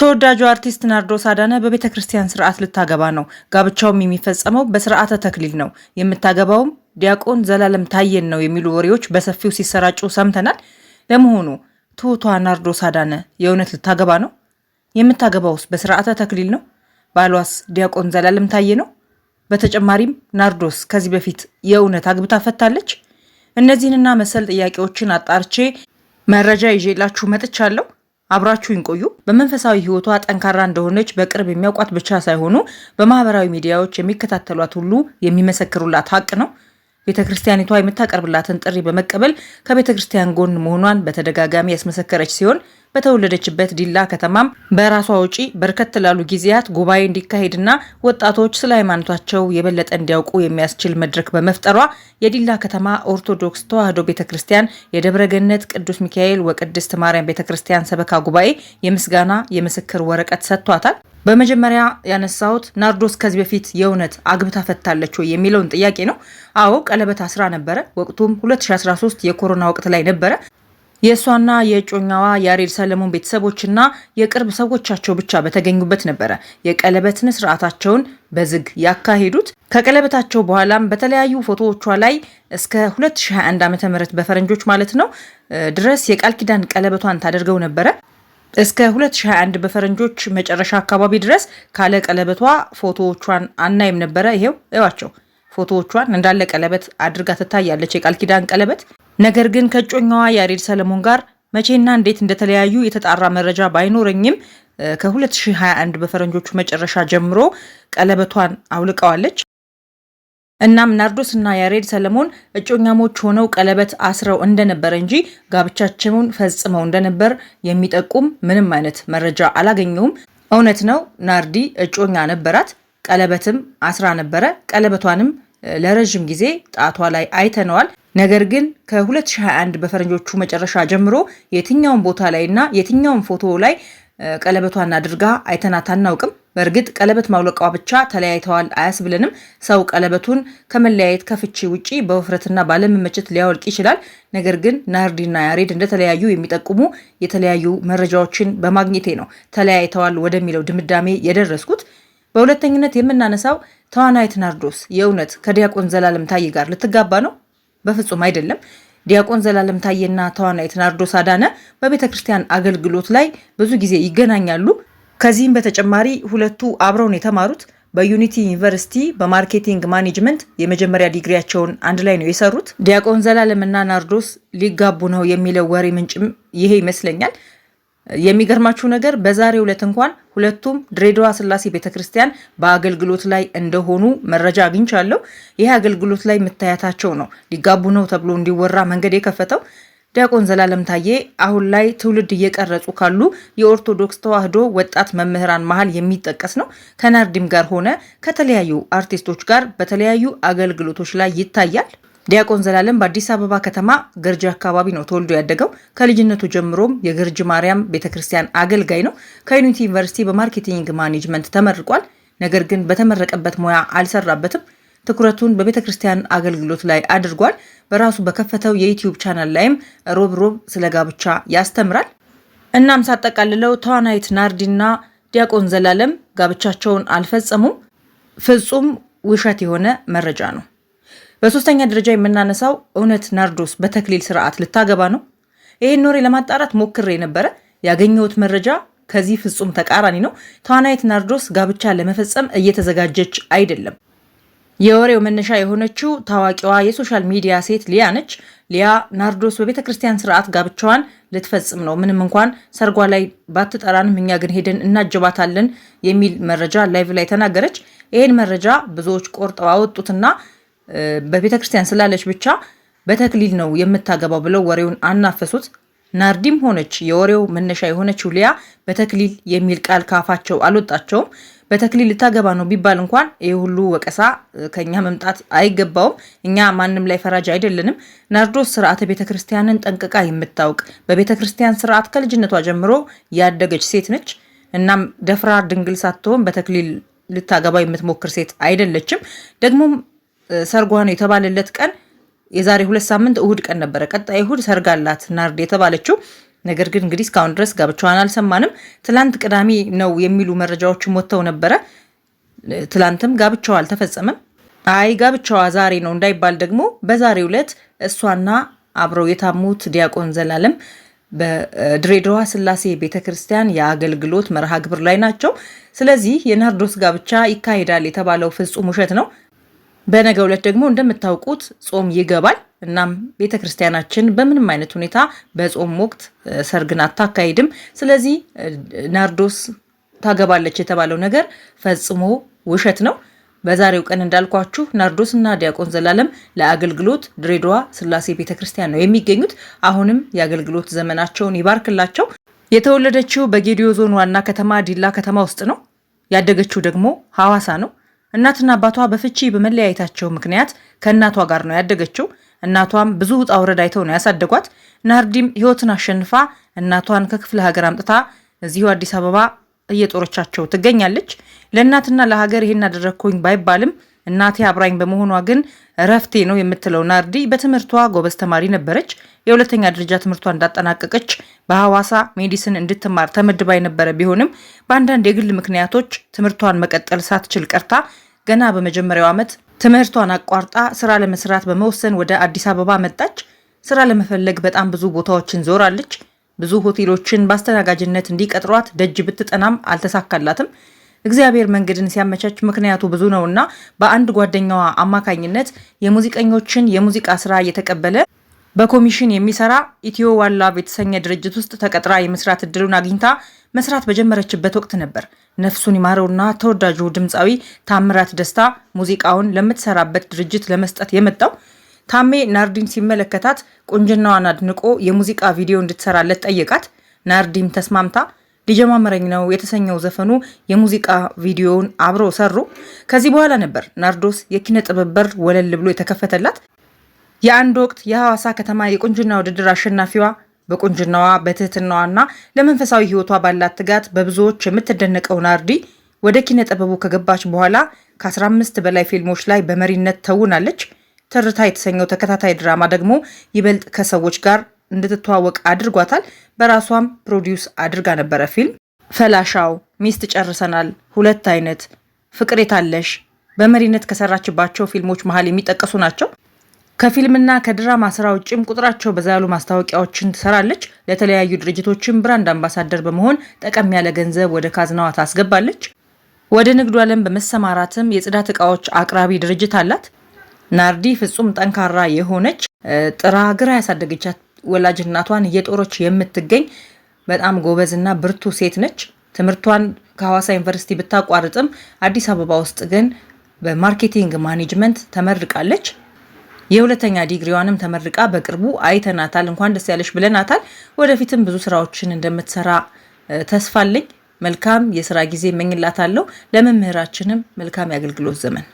ተወዳጁ አርቲስት ናርዶስ አዳነ በቤተ ክርስቲያን ስርዓት ልታገባ ነው። ጋብቻውም የሚፈጸመው በስርዓተ ተክሊል ነው። የምታገባውም ዲያቆን ዘላለም ታየን ነው የሚሉ ወሬዎች በሰፊው ሲሰራጩ ሰምተናል። ለመሆኑ ትሁቷ ናርዶስ አዳነ የእውነት ልታገባ ነው? የምታገባውስ በስርዓተ ተክሊል ነው? ባሏስ ዲያቆን ዘላለም ታየ ነው? በተጨማሪም ናርዶስ ከዚህ በፊት የእውነት አግብታ ፈታለች? እነዚህንና መሰል ጥያቄዎችን አጣርቼ መረጃ ይዤላችሁ መጥቻለሁ። አብራችሁኝ ቆዩ። በመንፈሳዊ ህይወቷ ጠንካራ እንደሆነች በቅርብ የሚያውቋት ብቻ ሳይሆኑ በማህበራዊ ሚዲያዎች የሚከታተሏት ሁሉ የሚመሰክሩላት ሀቅ ነው። ቤተ ክርስቲያኒቷ የምታቀርብላትን ጥሪ በመቀበል ከቤተ ክርስቲያን ጎን መሆኗን በተደጋጋሚ ያስመሰከረች ሲሆን በተወለደችበት ዲላ ከተማም በራሷ ውጪ በርከት ላሉ ጊዜያት ጉባኤ እንዲካሄድና ወጣቶች ስለ ሃይማኖታቸው የበለጠ እንዲያውቁ የሚያስችል መድረክ በመፍጠሯ የዲላ ከተማ ኦርቶዶክስ ተዋህዶ ቤተ ክርስቲያን የደብረ ገነት ቅዱስ ሚካኤል ወቅድስት ማርያም ቤተ ክርስቲያን ሰበካ ጉባኤ የምስጋና የምስክር ወረቀት ሰጥቷታል። በመጀመሪያ ያነሳሁት ናርዶስ ከዚህ በፊት የእውነት አግብታ ፈታለች ወይ የሚለውን ጥያቄ ነው። አዎ ቀለበት አስራ ነበረ። ወቅቱም 2013 የኮሮና ወቅት ላይ ነበረ። የእሷና የእጮኛዋ የአሬድ ሰለሞን ቤተሰቦችና የቅርብ ሰዎቻቸው ብቻ በተገኙበት ነበረ የቀለበት ስነ ስርዓታቸውን በዝግ ያካሄዱት። ከቀለበታቸው በኋላም በተለያዩ ፎቶዎቿ ላይ እስከ 2021 ዓ ም በፈረንጆች ማለት ነው ድረስ የቃል ኪዳን ቀለበቷን ታደርገው ነበረ። እስከ 2021 በፈረንጆች መጨረሻ አካባቢ ድረስ ካለ ቀለበቷ ፎቶዎቿን አናይም ነበረ። ይሄው እዋቸው ፎቶዎቿን እንዳለ ቀለበት አድርጋ ትታያለች። የቃል ኪዳን ቀለበት ነገር ግን ከእጮኛዋ ያሬድ ሰለሞን ጋር መቼና እንዴት እንደተለያዩ የተጣራ መረጃ ባይኖረኝም ከ2021 በፈረንጆቹ መጨረሻ ጀምሮ ቀለበቷን አውልቀዋለች። እናም ናርዶስ እና ያሬድ ሰለሞን እጮኛሞች ሆነው ቀለበት አስረው እንደነበረ እንጂ ጋብቻቸውን ፈጽመው እንደነበር የሚጠቁም ምንም አይነት መረጃ አላገኘውም። እውነት ነው፣ ናርዲ እጮኛ ነበራት፣ ቀለበትም አስራ ነበረ። ቀለበቷንም ለረዥም ጊዜ ጣቷ ላይ አይተነዋል። ነገር ግን ከ2021 በፈረንጆቹ መጨረሻ ጀምሮ የትኛውን ቦታ ላይና የትኛውን ፎቶ ላይ ቀለበቷን አድርጋ አይተናት አናውቅም። በእርግጥ ቀለበት ማውለቋ ብቻ ተለያይተዋል አያስብለንም። ሰው ቀለበቱን ከመለያየት ከፍቺ ውጪ በውፍረትና ባለመመቸት ሊያወልቅ ይችላል። ነገር ግን ናርዲና ያሬድ እንደተለያዩ የሚጠቁሙ የተለያዩ መረጃዎችን በማግኘቴ ነው ተለያይተዋል ወደሚለው ድምዳሜ የደረስኩት። በሁለተኝነት የምናነሳው ተዋናይት ናርዶስ የእውነት ከዲያቆን ዘላለም ታዬ ጋር ልትጋባ ነው? በፍጹም አይደለም። ዲያቆን ዘላለም ታዬና ተዋናይት ናርዶስ አዳነ በቤተ ክርስቲያን አገልግሎት ላይ ብዙ ጊዜ ይገናኛሉ። ከዚህም በተጨማሪ ሁለቱ አብረውን የተማሩት በዩኒቲ ዩኒቨርሲቲ በማርኬቲንግ ማኔጅመንት የመጀመሪያ ዲግሪያቸውን አንድ ላይ ነው የሰሩት። ዲያቆን ዘላለምና ናርዶስ ሊጋቡ ነው የሚለው ወሬ ምንጭም ይሄ ይመስለኛል። የሚገርማችሁ ነገር በዛሬው ዕለት እንኳን ሁለቱም ድሬዳዋ ስላሴ ቤተክርስቲያን በአገልግሎት ላይ እንደሆኑ መረጃ አግኝቻለሁ። ይህ አገልግሎት ላይ መታየታቸው ነው ሊጋቡ ነው ተብሎ እንዲወራ መንገድ የከፈተው። ዲያቆን ዘላለም ታዬ አሁን ላይ ትውልድ እየቀረጹ ካሉ የኦርቶዶክስ ተዋህዶ ወጣት መምህራን መሀል የሚጠቀስ ነው። ከናርዲም ጋር ሆነ ከተለያዩ አርቲስቶች ጋር በተለያዩ አገልግሎቶች ላይ ይታያል። ዲያቆን ዘላለም በአዲስ አበባ ከተማ ገርጂ አካባቢ ነው ተወልዶ ያደገው። ከልጅነቱ ጀምሮም የገርጂ ማርያም ቤተክርስቲያን አገልጋይ ነው። ከዩኒቲ ዩኒቨርሲቲ በማርኬቲንግ ማኔጅመንት ተመርቋል። ነገር ግን በተመረቀበት ሙያ አልሰራበትም። ትኩረቱን በቤተክርስቲያን አገልግሎት ላይ አድርጓል። በራሱ በከፈተው የዩትዩብ ቻናል ላይም ሮብ ሮብ ስለ ጋብቻ ያስተምራል። እናም ሳጠቃልለው ተዋናይት ናርዲና ዲያቆን ዘላለም ጋብቻቸውን አልፈጸሙም። ፍጹም ውሸት የሆነ መረጃ ነው። በሶስተኛ ደረጃ የምናነሳው እውነት ናርዶስ በተክሊል ስርዓት ልታገባ ነው? ይህን ኖሬ ለማጣራት ሞክሬ የነበረ ያገኘሁት መረጃ ከዚህ ፍጹም ተቃራኒ ነው። ተዋናይት ናርዶስ ጋብቻ ለመፈጸም እየተዘጋጀች አይደለም። የወሬው መነሻ የሆነችው ታዋቂዋ የሶሻል ሚዲያ ሴት ሊያ ነች። ሊያ ናርዶስ በቤተ ክርስቲያን ስርዓት ጋብቻዋን ልትፈጽም ነው፣ ምንም እንኳን ሰርጓ ላይ ባትጠራንም እኛ ግን ሄደን እናጀባታለን የሚል መረጃ ላይቭ ላይ ተናገረች። ይህን መረጃ ብዙዎች ቆርጠው አወጡትና በቤተ ክርስቲያን ስላለች ብቻ በተክሊል ነው የምታገባው ብለው ወሬውን አናፈሱት። ናርዲም ሆነች የወሬው መነሻ የሆነችው ሊያ በተክሊል የሚል ቃል ካፋቸው አልወጣቸውም። በተክሊል ልታገባ ነው ቢባል እንኳን ይህ ሁሉ ወቀሳ ከኛ መምጣት አይገባውም። እኛ ማንም ላይ ፈራጅ አይደለንም። ናርዶስ ስርዓተ ቤተ ክርስቲያንን ጠንቅቃ የምታውቅ በቤተ ክርስቲያን ስርዓት ከልጅነቷ ጀምሮ ያደገች ሴት ነች። እናም ደፍራ ድንግል ሳትሆን በተክሊል ልታገባ የምትሞክር ሴት አይደለችም። ደግሞም ሰርጓ ነው የተባለለት ቀን የዛሬ ሁለት ሳምንት እሁድ ቀን ነበረ። ቀጣይ እሁድ ሰርጋላት ናርድ የተባለችው ነገር ግን እንግዲህ እስካሁን ድረስ ጋብቻዋን አልሰማንም። ትላንት ቅዳሜ ነው የሚሉ መረጃዎችም ወጥተው ነበረ። ትላንትም ጋብቻዋ አልተፈጸመም። አይ ጋብቻዋ ዛሬ ነው እንዳይባል ደግሞ በዛሬ ዕለት እሷና አብረው የታሙት ዲያቆን ዘላለም በድሬዳዋ ስላሴ ቤተክርስቲያን የአገልግሎት መርሃ ግብር ላይ ናቸው። ስለዚህ የናርዶስ ጋብቻ ይካሄዳል የተባለው ፍጹም ውሸት ነው። በነገ ዕለት ደግሞ እንደምታውቁት ጾም ይገባል። እናም ቤተ ክርስቲያናችን በምንም አይነት ሁኔታ በጾም ወቅት ሰርግን አታካሂድም። ስለዚህ ናርዶስ ታገባለች የተባለው ነገር ፈጽሞ ውሸት ነው። በዛሬው ቀን እንዳልኳችሁ ናርዶስ እና ዲያቆን ዘላለም ለአገልግሎት ድሬዳዋ ስላሴ ቤተ ክርስቲያን ነው የሚገኙት። አሁንም የአገልግሎት ዘመናቸውን ይባርክላቸው። የተወለደችው በጌዲዮ ዞን ዋና ከተማ ዲላ ከተማ ውስጥ ነው። ያደገችው ደግሞ ሐዋሳ ነው። እናትና አባቷ በፍቺ በመለያየታቸው ምክንያት ከእናቷ ጋር ነው ያደገችው። እናቷም ብዙ ውጣ ውረድ አይተው ነው ያሳደጓት። ናርዲም ህይወትን አሸንፋ እናቷን ከክፍለ ሀገር አምጥታ እዚሁ አዲስ አበባ እየጦረቻቸው ትገኛለች። ለእናትና ለሀገር ይሄን አደረግኩኝ ባይባልም እናቴ አብራኝ በመሆኗ ግን እረፍቴ ነው የምትለው ናርዲ በትምህርቷ ጎበዝ ተማሪ ነበረች። የሁለተኛ ደረጃ ትምህርቷ እንዳጠናቀቀች በሐዋሳ ሜዲሲን እንድትማር ተመድባ የነበረ ቢሆንም በአንዳንድ የግል ምክንያቶች ትምህርቷን መቀጠል ሳትችል ቀርታ ገና በመጀመሪያው ዓመት ትምህርቷን አቋርጣ ስራ ለመስራት በመወሰን ወደ አዲስ አበባ መጣች። ስራ ለመፈለግ በጣም ብዙ ቦታዎችን ዞራለች። ብዙ ሆቴሎችን በአስተናጋጅነት እንዲቀጥሯት ደጅ ብትጠናም አልተሳካላትም። እግዚአብሔር መንገድን ሲያመቻች ምክንያቱ ብዙ ነውና በአንድ ጓደኛዋ አማካኝነት የሙዚቀኞችን የሙዚቃ ስራ እየተቀበለ በኮሚሽን የሚሰራ ኢትዮ ዋላቭ የተሰኘ ድርጅት ውስጥ ተቀጥራ የመስራት እድሉን አግኝታ መስራት በጀመረችበት ወቅት ነበር ነፍሱን ይማረውና ተወዳጁ ድምፃዊ ታምራት ደስታ ሙዚቃውን ለምትሰራበት ድርጅት ለመስጠት የመጣው። ታሜ ናርዲን ሲመለከታት ቁንጅናዋን አድንቆ የሙዚቃ ቪዲዮ እንድትሰራለት ጠየቃት። ናርዲም ተስማምታ ሊጀማመረኝ ነው የተሰኘው ዘፈኑ የሙዚቃ ቪዲዮውን አብሮ ሰሩ። ከዚህ በኋላ ነበር ናርዶስ የኪነ ጥበብ በር ወለል ብሎ የተከፈተላት። የአንድ ወቅት የሐዋሳ ከተማ የቁንጅና ውድድር አሸናፊዋ በቁንጅናዋ በትህትናዋና ለመንፈሳዊ ሕይወቷ ባላት ትጋት በብዙዎች የምትደነቀው ናርዲ ወደ ኪነ ጥበቡ ከገባች በኋላ ከ15 በላይ ፊልሞች ላይ በመሪነት ተውናለች። ትርታ የተሰኘው ተከታታይ ድራማ ደግሞ ይበልጥ ከሰዎች ጋር እንድትተዋወቅ አድርጓታል። በራሷም ፕሮዲውስ አድርጋ ነበረ ፊልም ፈላሻው፣ ሚስት ጨርሰናል፣ ሁለት አይነት፣ ፍቅር የታለሽ በመሪነት ከሰራችባቸው ፊልሞች መሀል የሚጠቀሱ ናቸው። ከፊልምና ከድራማ ስራ ውጭም ቁጥራቸው በዛ ያሉ ማስታወቂያዎችን ትሰራለች። ለተለያዩ ድርጅቶችን ብራንድ አምባሳደር በመሆን ጠቀም ያለ ገንዘብ ወደ ካዝናዋ ታስገባለች። ወደ ንግዱ ዓለም በመሰማራትም የጽዳት እቃዎች አቅራቢ ድርጅት አላት። ናርዲ ፍጹም ጠንካራ የሆነች ጥራ ግራ ያሳደገቻት ወላጅ እናቷን እየጦረች የምትገኝ በጣም ጎበዝና ብርቱ ሴት ነች። ትምህርቷን ከሐዋሳ ዩኒቨርሲቲ ብታቋርጥም አዲስ አበባ ውስጥ ግን በማርኬቲንግ ማኔጅመንት ተመርቃለች። የሁለተኛ ዲግሪዋንም ተመርቃ በቅርቡ አይተናታል። እንኳን ደስ ያለሽ ብለናታል። ወደፊትም ብዙ ስራዎችን እንደምትሰራ ተስፋለኝ። መልካም የስራ ጊዜ መኝላታለሁ ለመምህራችንም መልካም የአገልግሎት ዘመን